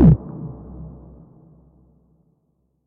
you